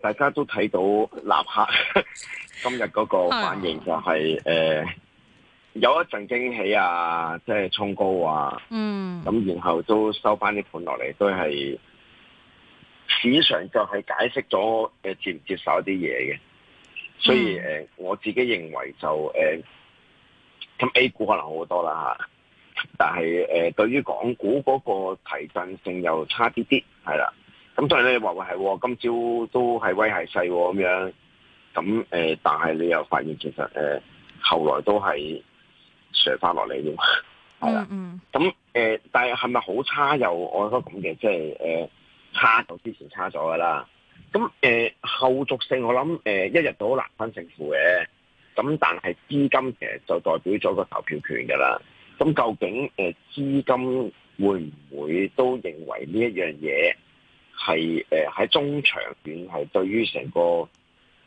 大家都睇到立刻 今日嗰個反應就係、是、誒、uh, 呃、有一陣驚喜啊，即係衝高啊，咁、mm. 然後都收翻啲盤落嚟，都係市場就係解釋咗誒、呃、接唔接受一啲嘢嘅，所以誒、mm. 我自己認為就誒咁、呃、A 股可能好多啦吓，但係誒、呃、對於港股嗰個提振性又差啲啲，係啦。咁所以咧，話話係今朝都係威係細喎。咁樣。咁但係你又發現，其實後來都係上返落嚟嘅係啦。咁、嗯嗯、但係係咪好差？又我覺得咁嘅，即、就、係、是、差就之前差咗㗎啦。咁後續性我，我諗一日都好難分勝負嘅。咁但係資金其實就代表咗個投票權㗎啦。咁究竟資金會唔會都認為呢一樣嘢？係誒，喺、呃、中長遠係對於成個誒、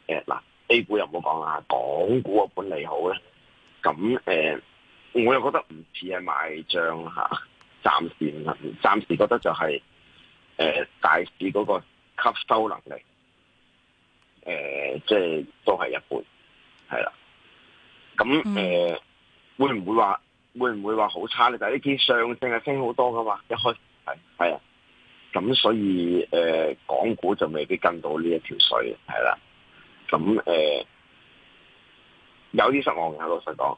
嗱、呃、A 股又冇講啊，港股嗰本利好咧，咁誒、呃、我又覺得唔似係賣賬吓，暫、啊、時暫時覺得就係、是、誒、呃、大市嗰個吸收能力誒，即、呃、係、就是、都係一般。係啦，咁誒、呃嗯、會唔會話會唔會話好差咧？但係啲上證係升好多噶嘛，一開係係啊。咁所以誒、呃，港股就未必跟到呢一條水，係啦。咁誒、呃，有啲失望嘅，老實講。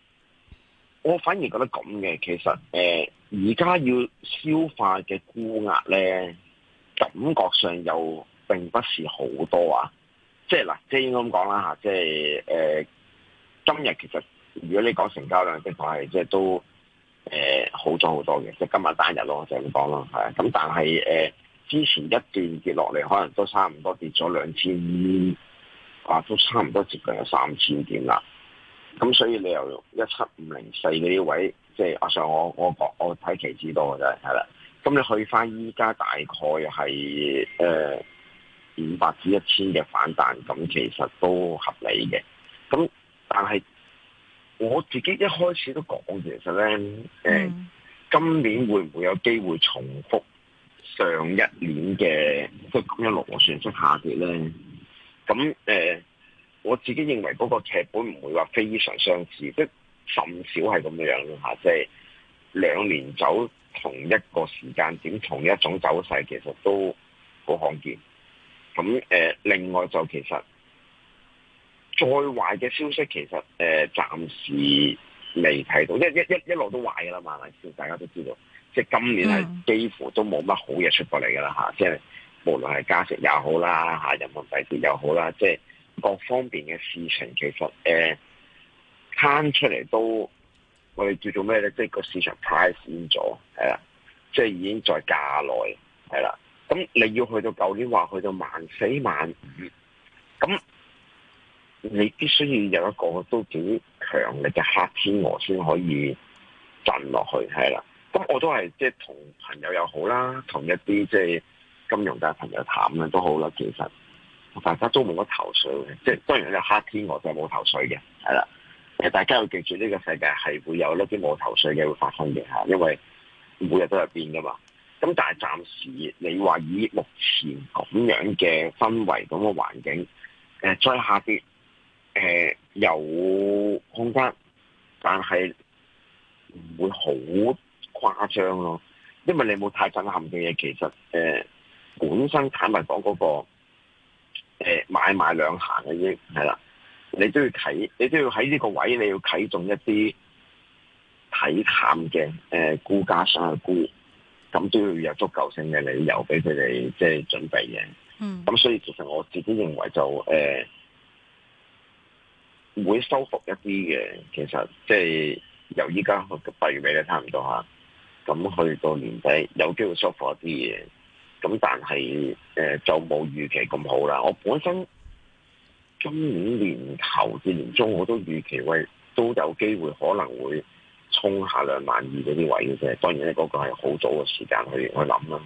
我反而覺得咁嘅，其實誒、而、呃、家要消化嘅沽壓咧，感覺上又並不是好多啊。即係嗱，即係應該咁講啦吓，即係誒、呃，今日其實如果你講成交量嘅話，係，即係都誒、呃、好咗好多嘅，即係今日單日咯，我就咁講咯，係啊。咁但係誒、呃，之前一段跌落嚟，可能都差唔多跌咗兩千點，啊，都差唔多接近有三千點啦。咁所以你由一七五零四嗰啲位置，即係阿 sir 我我講我睇期指多嘅啫，係啦。咁你去翻依家大概係誒五百至一千嘅反彈，咁其實都合理嘅。咁但係我自己一開始都講，其實咧誒，呃 mm. 今年會唔會有機會重複上一年嘅嗰啲一路上昇下跌咧？咁誒，呃我自己認為嗰個劇本唔會話非常相似，即甚少係咁樣嘅嚇，即係兩年走同一個時間點、同一種走勢，其實都好罕見。咁誒、呃，另外就其實再壞嘅消息，其實誒、呃、暫時未睇到，因為一一一一路都壞嘅啦，萬萬事大家都知道，即係今年係幾乎都冇乜好嘢出過嚟嘅啦嚇，即係無論係加息也好啦，嚇人民幣跌又好啦，即係。各方面嘅事情，其實誒、欸、攤出嚟都，我哋叫做咩咧？即係個市場 price in 咗，係啦，即係已經在價內，係啦。咁你要去到舊年話去到萬四萬五，咁你必須要有一個都幾強力嘅黑天鵝先可以震落去，係啦。咁我都係即係同朋友又好啦，同一啲即係金融界嘅朋友談咧都好啦，其實。大家都冇乜頭緒，即係當然有黑天鵝就冇頭緒嘅，的大家要記住呢個世界係會有一啲冇頭緒嘅會發生嘅，因為每日都係變㗎嘛。咁但係暫時你話以目前咁樣嘅氛圍、咁嘅環境，誒再下跌，誒、呃、有空間，但係唔會好誇張囉，因為你冇太震撼嘅嘢，其實誒、呃、本身坦白講，嗰個。誒，買賣兩行嘅啫係啦，你都要睇，你都要喺呢個位，你要睇中一啲睇淡嘅誒，沽、呃、加上去沽，咁都要有足夠性嘅理由俾佢哋即係準備嘅。咁、嗯、所以其實我自己認為就誒、呃、會收復一啲嘅，其實即係由依家嘅幣比咧差唔多吓，咁去到年底有機會收復一啲嘢。咁但係誒就冇預期咁好啦。我本身今年年頭至年中我都預期，喂都有機會可能會衝下兩萬二嗰啲位嘅啫。當然咧，嗰個係好早嘅時間去去諗啦，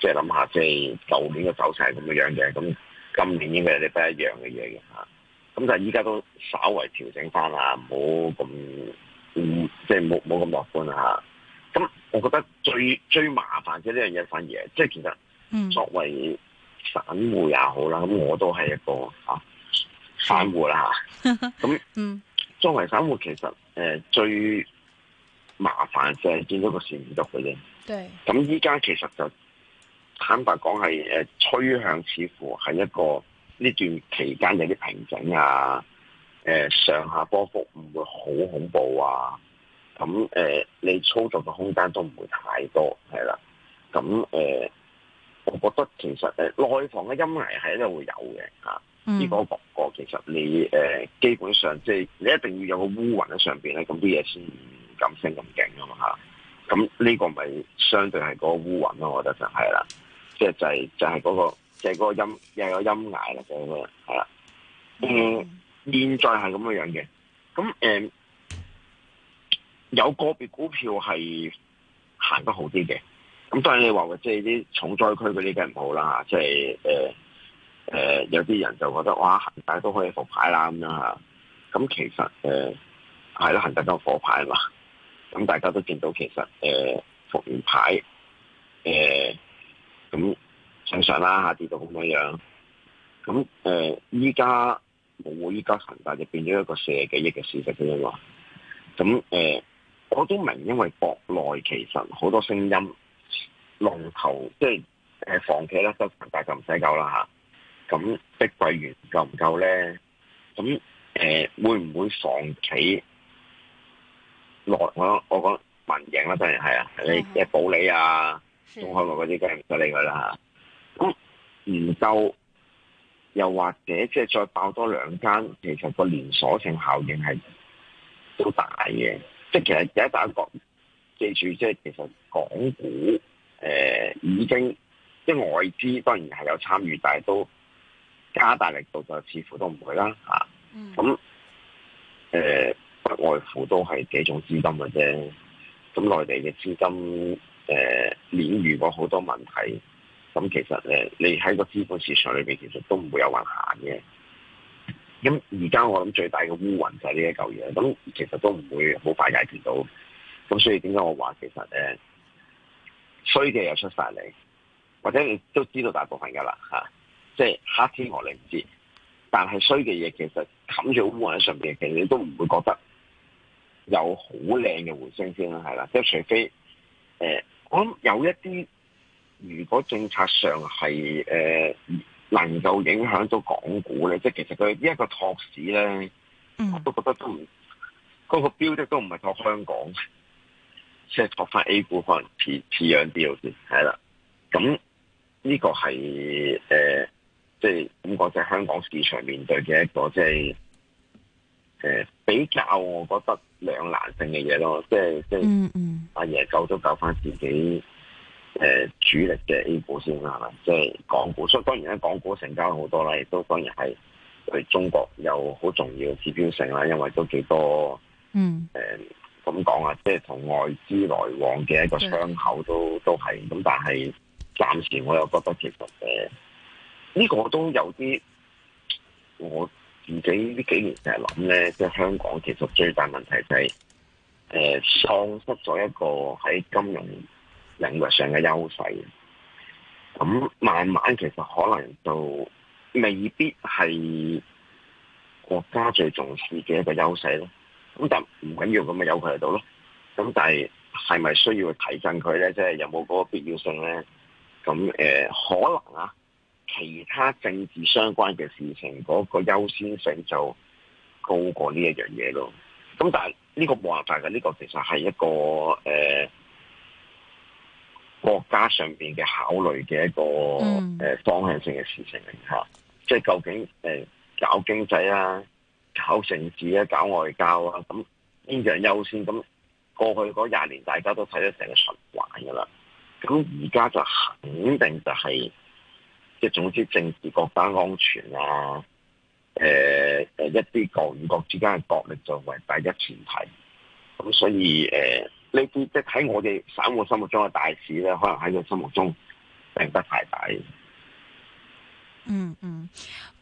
即係諗下即係舊年嘅走勢係咁嘅樣嘅，咁今年應該有啲不一樣嘅嘢嘅嚇。咁但係依家都稍為調整翻啦，唔好咁唔即係冇冇咁樂觀啦，咁我覺得最最麻煩嘅呢樣嘢反而即係其實。嗯、作為散戶也好啦，咁我都係一個啊散戶啦吓。咁，作為散戶，其實誒、呃、最麻煩就係見到個市唔得嘅啫。對。咁依家其實就坦白講係誒趨向，似乎係一個呢段期間有啲平整啊，誒、呃、上下波幅唔會好恐怖啊。咁誒、呃，你操作嘅空間都唔會太多，係啦。咁誒。呃我覺得其實誒，內房嘅陰霾係一定會有嘅吓，果、嗯、個講其實你誒，基本上即係、就是、你一定要有個烏雲喺上邊咧，咁啲嘢先唔敢升咁勁啊嘛吓。咁呢個咪相對係嗰個烏雲咯，我覺得就係啦，即係就係、是、就係嗰、那個，就係、是、個陰又有陰霾啦，就咁、是、啦、那個，係啦、嗯。嗯，現在係咁樣樣嘅，咁誒有個別股票係行得好啲嘅。咁當然你話即係啲重災區嗰啲梗係唔好啦，即係、呃呃、有啲人就覺得哇，恒大都可以復牌啦，咁咁其實係啦，恒、呃、大都破牌啦，咁大家都見到其實誒復、呃、完牌咁正常啦，下跌到咁樣樣，咁誒依家冇依家恒大就變咗一個四十幾億嘅市值啫嘛，咁、呃、我都明，因為國內其實好多聲音。龍頭即係誒，房企咧收大價就唔使夠啦吓，咁碧桂園夠唔夠咧？咁誒、呃、會唔會房企落我我講民營啦，當然係啊，你即係保利啊、中海啊嗰啲梗係唔使理佢啦吓。咁唔夠又或者即係再爆多兩間，其實個連鎖性效應係都大嘅，即係其實而家大家記住，即係其實港股。誒、呃，已經即係外資當然係有參與，但係都加大力度就似乎都唔會啦吓。咁誒、嗯，不、啊呃、外乎都係幾種資金嘅啫。咁，嗯、內地嘅資金誒，面遇過好多問題，咁，嗯、其實誒，你喺個資本市場裏邊，嗯嗯，其實都唔會有危險嘅。咁而家我諗最大嘅烏雲就係呢一嚿嘢，咁其實都唔會好快解決到。咁，嗯、所以點解我話其實誒，衰嘅又出晒嚟，或者你都知道大部分噶啦嚇，即係黑天鵝你唔知，但係衰嘅嘢其實冚住烏雲喺上邊，其實你都唔會覺得有好靚嘅回升先啦，係啦，即係除非誒、呃，我諗有一啲，如果政策上係誒、呃、能夠影響到港股咧，即係其實佢呢一個托市咧，我都覺得都嗰、嗰個標的都唔係托香港。即係托翻 A 股可能似似樣啲，好似係啦，咁呢、這個係誒、呃，即係點講就係香港市場面對嘅一個即係誒、呃、比較，我覺得兩難性嘅嘢咯，即係即係阿爺救都救翻自己誒、呃、主力嘅 A 股先啦，即係港股，所以當然咧港股成交好多啦，亦都當然係對中國有好重要嘅指標性啦，因為都幾多嗯誒。呃咁講啊，即係同外資來往嘅一個窗口都都係咁，但係暫時我又覺得其實誒呢、呃這個都有啲我自己呢幾年成日諗咧，即係香港其實最大問題就係誒喪失咗一個喺金融領域上嘅優勢，咁慢慢其實可能就未必係國家最重視嘅一個優勢咧。咁就唔緊要，咁咪有佢喺度咯。咁但係係咪需要去提振佢咧？即係有冇嗰個必要性咧？咁誒、呃、可能啊，其他政治相關嘅事情嗰、那個優先性就高過呢一樣嘢咯。咁但係呢個話法嘅呢、這個其實係一個誒、呃、國家上邊嘅考慮嘅一個誒方向性嘅事情嚟嚇、嗯啊。即係究竟誒、呃、搞經濟啊？搞政治啊，搞外交啊，咁邊樣優先？咁過去嗰廿年，大家都睇得成個循環噶啦。咁而家就肯定就係、是，即、就、係、是、總之，政治國家安全啊，誒、呃、誒，一啲國與國之間嘅角力作為第一前提。咁所以誒呢啲即係喺我哋散戶心目中嘅大事咧，可能喺佢心目中定得太大。嗯嗯。嗯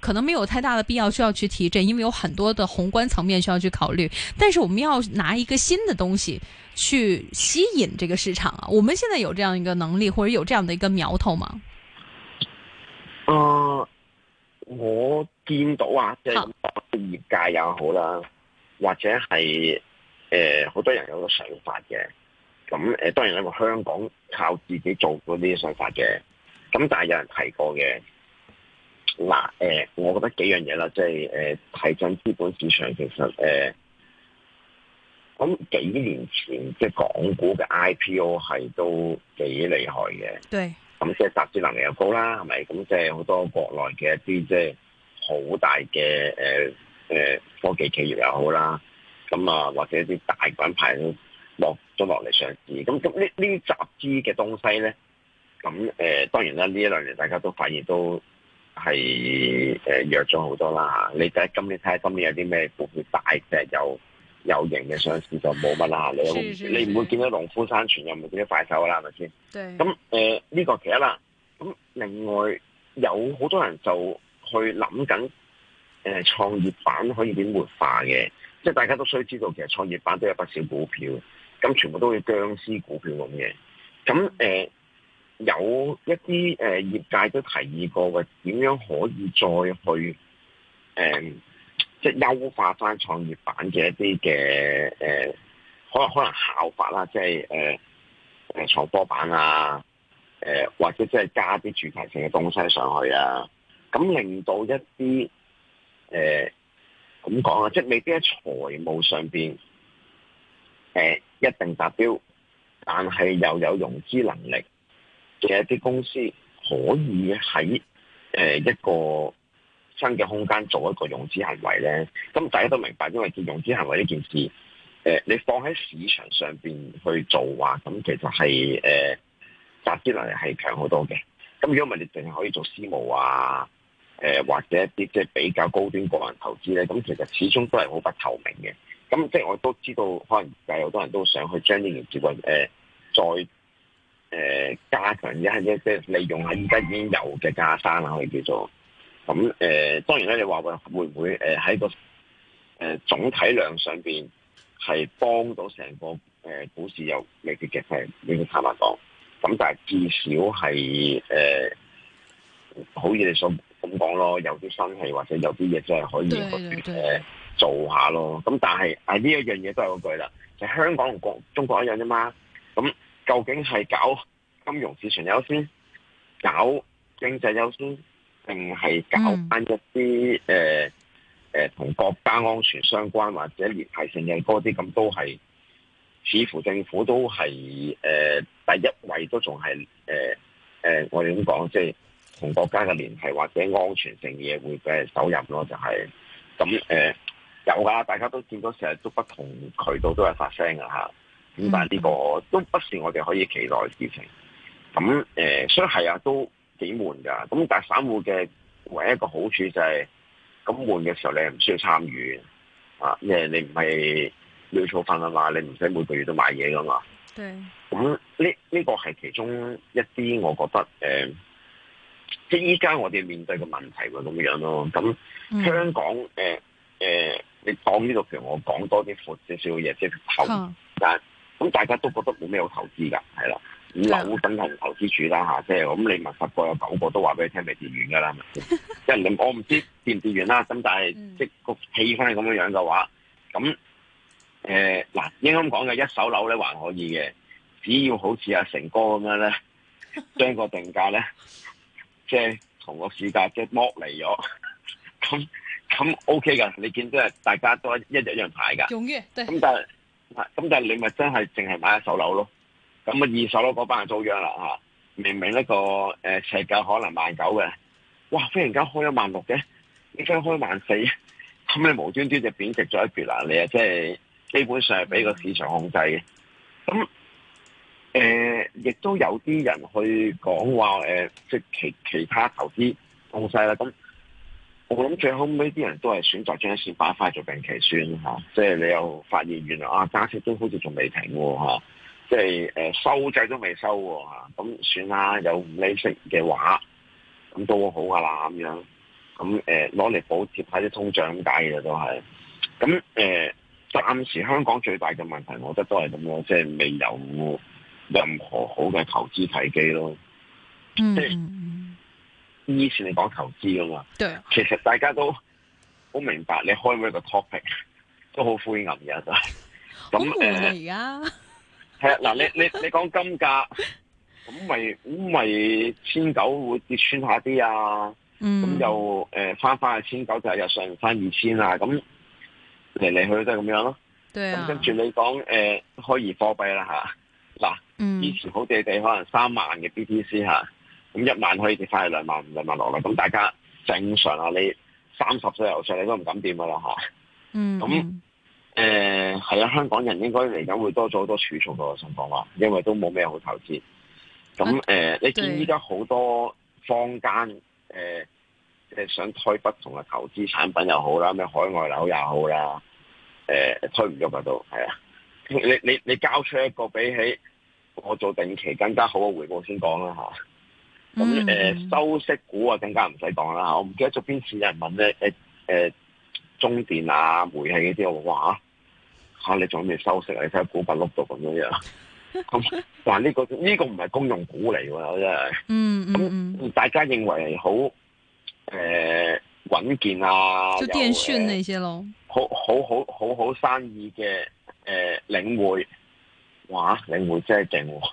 可能沒有太大的必要需要去提振，因為有很多的宏觀層面需要去考慮。但是我們要拿一個新的東西去吸引這個市場啊！我們現在有這樣一個能力或者有這樣的一個苗頭嗎？啊、呃，我見到啊，即、就、係、是、業界也好啦，好或者係誒好多人有個想法嘅。咁誒、呃，當然你個香港靠自己做嗰啲想法嘅，咁但係有人提過嘅。嗱，誒、啊，我覺得幾樣嘢啦，即係誒提振資本市場，其實誒，咁、嗯、幾年前即係港股嘅 IPO 係都幾厲害嘅。對。咁即係集資能力又高啦，係咪？咁即係好多國內嘅一啲即係好大嘅誒誒科技企業又好啦，咁啊或者一啲大品牌都落咗落嚟上市。咁咁呢呢啲集資嘅東西咧，咁誒、呃、當然啦，呢一兩年大家都發現都。係誒、呃、弱咗好多啦，你睇今你睇下今年有啲咩股票大隻有有型嘅上市就冇乜啦，你有有是是是你唔會見到農夫山泉又唔會見到快手啦，係咪先？咁呢對、呃呢個其一啦，咁另外有好多人就去諗緊誒創業板可以點活化嘅，即係大家都需知道其實創業板都有不少股票，咁全部都好似僵屍股票咁嘅，咁誒。嗯呃有一啲誒業界都提議過嘅點樣可以再去誒，即係優化翻創業板嘅一啲嘅誒，可能可能效法啦，即係誒誒創科板啊，誒、嗯、或者即係加啲主題性嘅東西上去啊，咁令到一啲誒，咁講啊，即係、就是、未必喺財務上邊誒、嗯、一定達標，但係又有融資能力。嘅一啲公司可以喺誒一個新嘅空間做一個融資行為咧，咁大家都明白，因為叫融資行為呢件事，誒，你放喺市場上邊去做話，咁其實係誒集資能力係強好多嘅。咁如果唔係，你淨係可以做私募啊，誒，或者一啲即係比較高端個人投資咧，咁其實始終都係好不透明嘅。咁即係我都知道，可能而家好多人都想去將呢件事運誒再。誒、呃，加強一係一啲利用下，而家已經有嘅架生啦，可以叫做咁。誒、呃，當然你話會不會唔會誒喺個誒總體量上邊係幫到成個誒股市有積極嘅，你坦白講？咁但係，至少係誒、呃，好似你所咁講咯，有啲新氣或者有啲嘢真係可以誒做一下咯。咁但係，啊呢、這個、一樣嘢都係嗰句啦，就是、香港同國中國一樣啫嘛。咁。究竟係搞金融市場優先，搞經濟優先，定係搞翻一啲誒誒同國家安全相關或者聯繫性嘅嗰啲？咁都係似乎政府都係誒、呃、第一位都還是，都仲係誒誒我哋咁講，即、就、係、是、同國家嘅聯繫或者安全性嘢會嘅首任咯、就是，就係咁誒有噶，大家都見到成日都不同渠道都有發聲噶吓。咁、嗯、但係呢個都不是我哋可以期待嘅事情。咁誒，所以係啊，都幾悶噶。咁但係散戶嘅唯一一個好處就係、是，咁悶嘅時候你係唔需要參與啊，因為你唔係要炒飯啊嘛，你唔使每個月都買嘢噶嘛。對。咁呢呢個係其中一啲，我覺得誒、呃，即係依家我哋面對嘅問題咪咁樣咯。咁香港誒誒、嗯呃呃，你講呢、這個，譬如我講多啲闊少少嘢即係頭，就是嗯、但咁大家都覺得冇咩好投資㗎，係啦。樓等同投資處啦吓。即係咁你問十個有九個都話俾你聽、 即係，跌完㗎啦。即係我唔知跌唔跌完啦。咁但係、嗯、即個氣氛係咁樣樣嘅話，咁誒嗱，應該講嘅一手樓咧還可以嘅，只要好似阿成哥咁樣咧， 將個定價咧，即係同個市價即係剝離咗，咁 咁 OK 㗎。你見都係大家都一一樣的牌㗎，咁但係咁但係你咪真係淨係買一手樓咯，咁啊二手樓嗰班就遭殃啦吓！明明呢個誒世界、呃、可能萬九嘅，哇！忽然間開咗萬六嘅，依家開萬四，咁你無端端就貶值咗一橛啦！你啊，即係基本上係俾個市場控制嘅。咁誒，亦、呃、都有啲人去講話誒，即係其其他投資控制啦咁。我諗最後尾啲人都係選擇將一綫擺返做定期算吓，即係你又發現原來啊，加息都好似仲未停喎。吓、啊，即係誒、呃、收制都未收吓，咁、啊啊、算啦，有五厘息嘅話咁都好噶啦咁樣，咁誒攞嚟補貼下啲通脹咁解嘅都係，咁、啊、誒、呃、暫時香港最大嘅問題，我覺得都係咁樣，即係未有任何好嘅投資契機咯。嗯。以前你講投資噶嘛，對啊、其實大家都好明白你開會 topic, 很，你開每一個 topic 都好灰暗嘅，咁誒，係啊，嗱，你你你講金價，咁咪咁咪千九會跌穿下啲啊，咁又誒翻翻去千九就係又上翻二千啊。咁嚟嚟去去都係咁樣咯、啊。咁、啊、跟住你講誒虛擬貨幣啦吓，嗱、呃，以，啊啊嗯、以前好地地可能三萬嘅 BTC 吓、啊。咁一萬可以跌翻去兩萬五，兩萬落嚟。咁大家正常啊，你三十歲有上，你都唔敢掂噶啦嚇。嗯、mm。咁係啊，香港人應該嚟緊會多咗好多儲蓄嘅情況啊，因為都冇咩好投資。咁、呃、你見依家好多坊間即係、呃、想推不同嘅投資產品又好啦，咩海外樓又好啦、呃，推唔喐嗰都係啊！你你你交出一個比起我做定期更加好嘅回報先講啦嚇咁誒，嗯嗯嗯、收息股啊，更加唔使講啦。我唔記得咗邊次有人問咧，誒、欸、誒、呃，中電啊、煤氣嗰啲，我話吓你仲喺收息啊？你睇下股份碌到咁樣樣。咁但係呢個呢、這個唔係公用股嚟喎，真係、嗯。嗯嗯嗯，嗯大家認為好誒穩健啊，就電訊、啊呃、呢啲咯。好好好好好生意嘅誒、呃，領匯，哇，領匯真係勁、啊、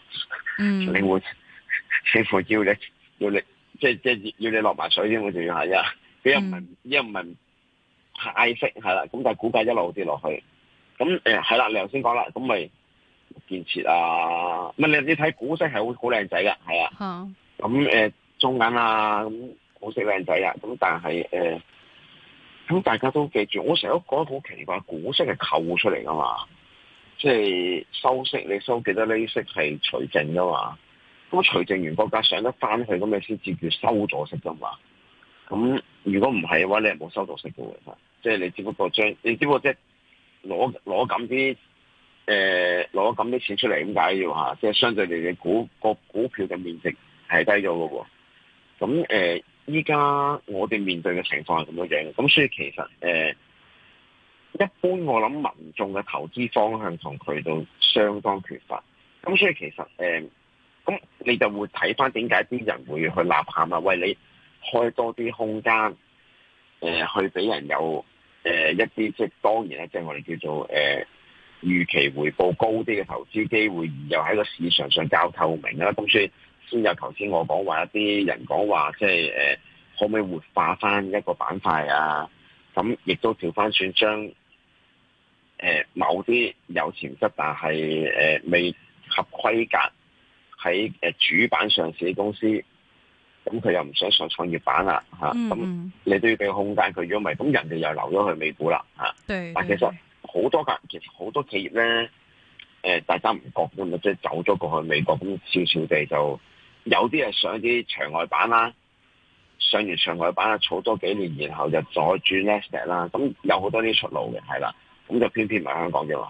嗯，領匯。似乎叫你，要你，即係即係要你落埋水先，我仲要係啊！佢又唔係又唔係太識係啦，咁但係股價一路跌落去，咁誒係啦，你頭先講啦，咁咪建設啊，唔係你你睇股息係好好靚仔噶，係啊，咁誒中銀啊，咁股息靚仔啊，咁但係誒，咁大家都記住，我成日都覺得好奇怪，股息係扣出嚟噶嘛，即係收息你收幾多呢息係除淨噶嘛。咁除淨完國家上得翻去，咁你先至叫收咗息啫嘛。咁如果唔係嘅話，你係冇收到息嘅喎。即係你只不過將你只不過即係攞攞咁啲誒攞咁啲錢出嚟點解要話，即係相對你你股股票嘅面積係低咗嘅喎。咁誒，依、呃、家我哋面對嘅情況係咁樣樣，咁所以其實誒、呃、一般我諗民眾嘅投資方向同渠道相當缺乏，咁所以其實、呃咁你就會睇翻點解啲人會去吶喊啦？喂，你開多啲空間，誒、呃、去俾人有誒、呃、一啲即係當然咧，即係我哋叫做誒預、呃、期回報高啲嘅投資機會，而又喺個市場上較透明啦。咁所以先有頭先我講話一啲人講話，即係誒可唔可以活化翻一個板塊啊？咁亦都調翻轉將誒、呃、某啲有潛質，但係誒、呃、未合規格，喺誒主板上市啲公司，咁佢又唔想上創業板啦，嚇、嗯，咁、啊、你都要俾空間佢，如果唔係，咁人哋又留咗去美股啦，嚇對、啊。但其實好多間，其實好多企業咧，誒、呃、大家唔覺嘅，即、就、係、是、走咗過去美國，咁少少地就有啲係上啲場外板啦，上完場外板啊，儲多幾年，然後就再轉 Nest 啦，咁、嗯、有好多啲出路嘅，係啦，咁就偏偏唔喺香港啫嘛。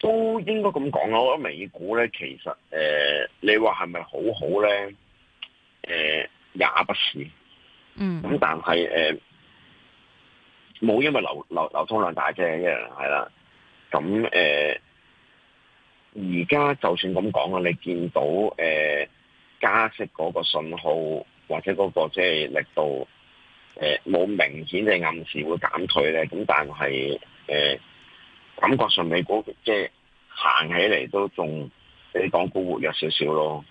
都應該咁講啊。我覺得美股咧，其實誒、呃，你話係咪好好咧？誒、呃，也不是，嗯。咁但係誒，冇因為流流流通量大啫，一樣係啦。咁誒，而、嗯、家、呃、就算咁講啊，你見到誒、呃、加息嗰個信號或者嗰個即係力度誒、冇、呃、明顯嘅暗示會減退咧。咁但係誒。呃感覺上美股即係行起嚟都仲比港股活躍少少咯。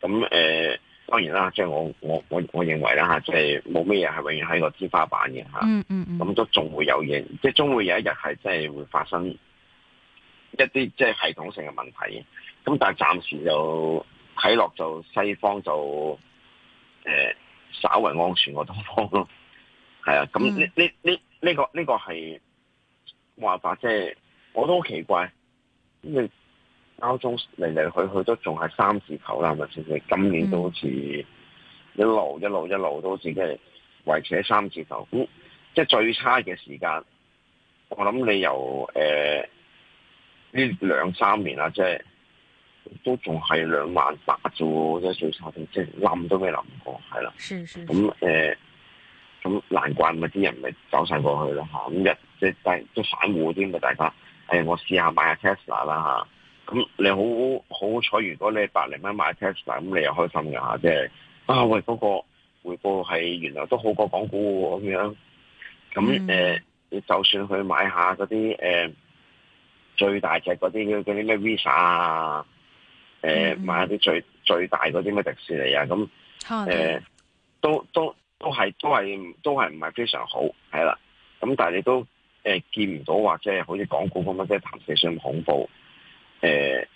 咁誒、呃，當然啦，即、就、係、是、我我我我認為啦吓、啊就是，即係冇咩嘢係永遠喺個天花板嘅吓。咁都仲會有嘢，即係終會有一日係真係會發生一啲即係系統性嘅問題。咁但係暫時就睇落就西方就誒、呃、稍為安全過東方咯。係啊，咁呢呢呢呢個呢、這個係。話法即係我都好奇怪，因為歐中嚟嚟去去都仲係三字頭啦，咪先？係今年都好似一路一路一路都好似即係維持喺三字頭。咁即係最差嘅時間，我諗你由誒呢、呃、兩三年啦，即、就、係、是、都仲係兩萬八啫喎，即係最差即係冧都未諗過，係啦。咁誒是、嗯，咁、呃、難怪咪啲人咪走晒過去啦嚇。咁、嗯、日。即係都散戶添嘅大家，誒、欸、我試下買下 Tesla 啦嚇，咁你好好彩，如果你百零蚊買 Tesla，咁你又開心嘅嚇，即係啊喂嗰、那個回報係原來都好過港股喎咁樣，咁誒、嗯呃、你就算去買下嗰啲誒最大隻嗰啲啲咩 Visa 啊，誒、呃嗯、買啲最最大嗰啲咩迪士尼啊咁，誒、呃嗯、都都都係都係都係唔係非常好，係啦，咁但係你都。誒、呃，見唔到或者係好似港股咁樣即係彈市上咁恐怖。誒、呃，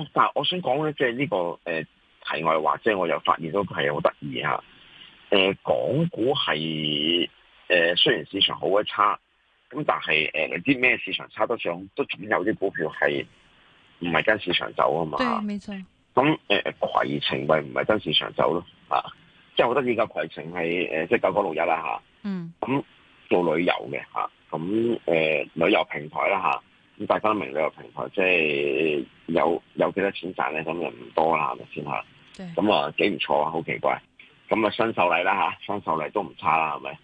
哦，但係我想講咧，即係呢、這個誒、呃、題外話，即係我又發現到佢係好得意誒，港股係誒、呃、雖然市場好鬼差，咁但係誒，你知咩市場差得上都總有啲股票係唔係跟市場走啊嘛。對，沒錯。咁誒，携、呃、程咪唔係跟市場走咯、啊，即係我覺得而家携程係誒，即係九九六一啦吓。就是 6. 6. 1，啊、嗯。咁、嗯。做旅遊嘅嚇，咁誒、呃、旅遊平台啦嚇，咁大家都明旅遊平台即係、就是、有有幾多錢賺咧？咁就唔多啦，係咪先嚇？咁啊幾唔錯啊，好奇怪！咁啊新秀麗啦嚇，新秀麗都唔差啦，係、啊、咪？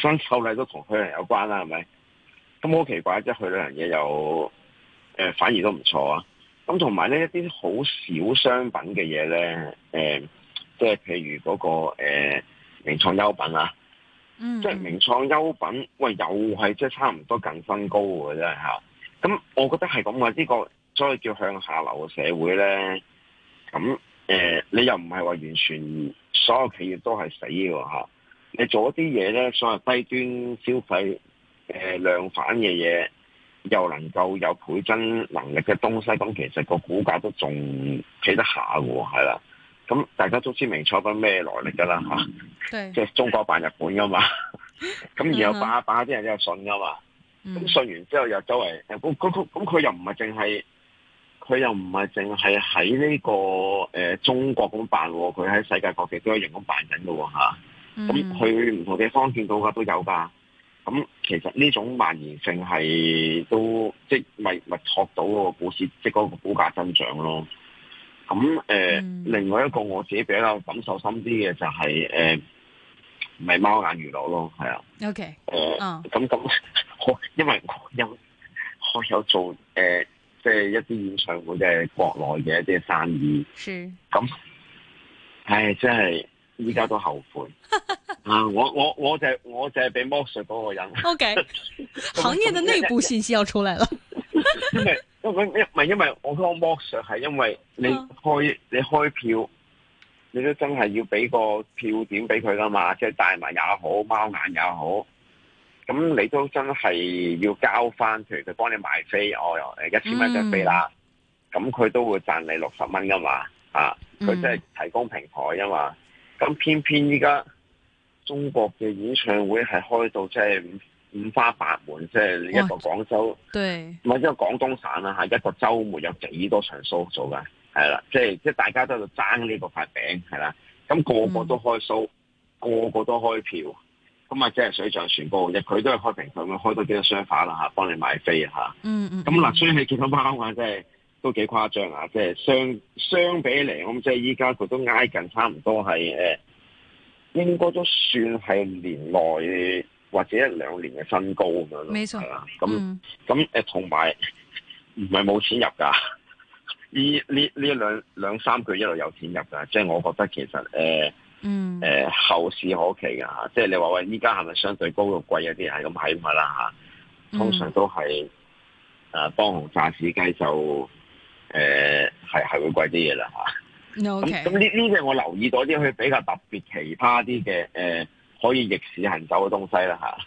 新秀麗都同去旅行有關啦，係咪？咁好奇怪，即係去旅行嘢又誒、呃、反而都唔錯啊！咁同埋呢一啲好少商品嘅嘢咧，誒即係譬如嗰、那個、呃、名創優品啊。嗯、即係名創優品，喂，又係即係差唔多近新高喎，真係吓。咁我覺得係咁嘅，呢、這個所謂叫向下流嘅社會咧，咁誒、呃，你又唔係話完全所有企業都係死嘅吓、啊。你做一啲嘢咧，所謂低端消費誒、呃、量販嘅嘢，又能夠有倍增能力嘅東西，咁、嗯、其實個股價都仲企得下喎，係啦。咁大家都知明，清楚咩來歷㗎喇吓，即係、mm hmm. 中國扮日本㗎嘛，咁 然後扮下扮下啲人又信㗎嘛，咁、mm hmm. 信完之後又周圍咁，佢又唔係淨係，佢又唔係淨係喺呢個誒、呃、中國咁扮喎、哦，佢喺世界各地都一樣咁扮緊㗎喎，咁佢唔同地方見到嘅都有㗎，咁、嗯、其實呢種蔓延性係都即係咪咪託到的股、就是、個股市即係嗰個股價增長咯。咁誒，呃嗯、另外一個我自己比較感受深啲嘅就係、是、誒，咪、呃、貓眼娛樂咯，係啊。O K。誒，咁咁，我因為我有我有做誒，即、呃、係、就是、一啲演唱會嘅國內嘅一啲生意。咁是，係真係依家都後悔。 啊！我我我就係、是、我就係俾剝削嗰個人。O Okay . K 那。行業嘅內部信息要出嚟喇 因為。因為因為我講剝削係因為你開 Yeah. 你開票，你都真係要俾個票點俾佢噶嘛，即係帶埋也好，貓眼也好，咁你都真係要交翻，譬如佢幫你買飛，我又誒一千蚊隻飛啦，咁佢、mm. 都會賺你六十蚊噶嘛，啊，佢即係提供平台啊嘛，咁、mm. 偏偏依家中國嘅演唱會係開到即係。五花八門，即、就、係、是、一個廣州，咁啊一個廣東省一個週末有幾多場 show 做㗎？啦，即係即大家都喺度爭呢個塊餅，係啦，咁、那個、個個都開 show，、嗯、個個都開票，咁啊即係水上船高啫，佢都係開平佢，開到幾個商卡啦幫你買飛，嗯嗯，嗯嗯，咁嗱，所以你見到貓眼真係都幾誇張啊、就是！即係相相比嚟，咁即係依家佢都挨近差唔多係誒、呃，應該都算係年內或者一兩年嘅新高咁樣咯，係啦冇錯，咁咁同埋唔係冇錢入噶，呢呢呢兩三個月一路有錢入噶，即係我覺得其實誒、呃嗯呃，後市可期㗎。即係你話話依家係咪相對高到貴一啲，係咁係咁啊啦，通常都係誒、嗯啊、當紅炸子雞就誒係、呃、會貴啲嘢啦，咁呢呢啲我留意到啲，佢比較特別奇葩啲嘅誒。呃可以逆市行走嘅東西啦，嚇！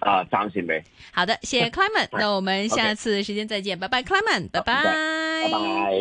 啊，暫時未。好的，謝謝 Clayman，那我們下次時間再見，拜拜，Clayman，拜拜，拜拜。